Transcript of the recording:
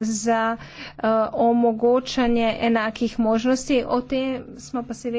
za uh, omogočanje enakih možnosti. O tem smo pa seveda.